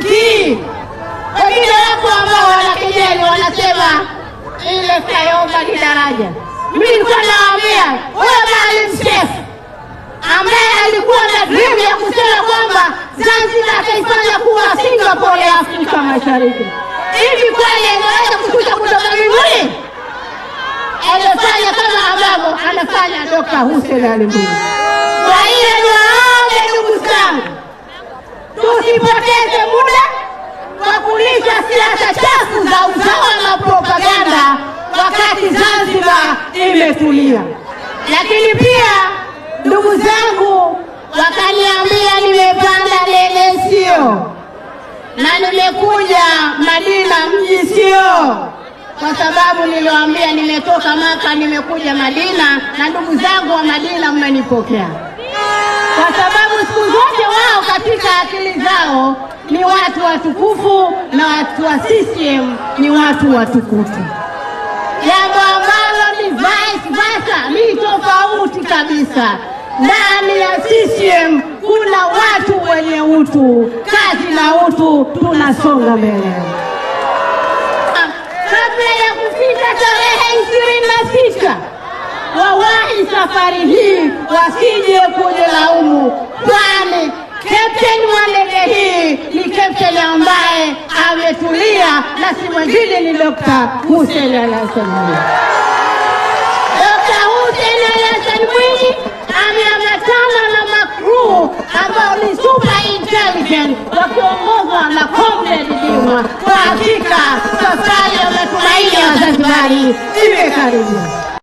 mtii. Wengine wako ambao wanakejeli, wanasema ile Flyova ni daraja. Mimi nilikuwa nawaambia wewe Maalim Seif ambaye alikuwa na dream ya kusema kwamba Zanzibar ataifanya kuwa Singapore ya Afrika Mashariki, hivi kweli anaweza kushuka kutoka mbinguni? Alifanya kama ambavyo anafanya Dr. Hussein Ali Mwinyi. siasa chafu za usawa na propaganda wakati Zanzibar imetulia. Lakini pia ndugu zangu wakaniambia nimepanda debe sio, na nimekuja Madina mji sio, kwa sababu niliwaambia nimetoka Maka nimekuja Madina, na ndugu zangu wa Madina mmenipokea katika akili zao ni watu watukufu na watu wa CCM ni watu watukufu, jambo ambalo ni vice versa, ni tofauti kabisa. Ndani ya CCM kuna watu wenye utu, kazi na utu, tunasonga mbele. Kabla ya kufika tarehe ishirini na sita wawahi safari hii, wasije kuja laumu kwani Museveni ambaye ametulia na si mwingine ni Dokta Hussein Alhassan Mwinyi. Dokta Hussein Alhassan Hassan Mwinyi ameambatana na makruu ambao ni super intelligent wakiongozwa na Comrade Juma. Kwa hakika safari ya matumaini ya Wazanzibari imekaribia.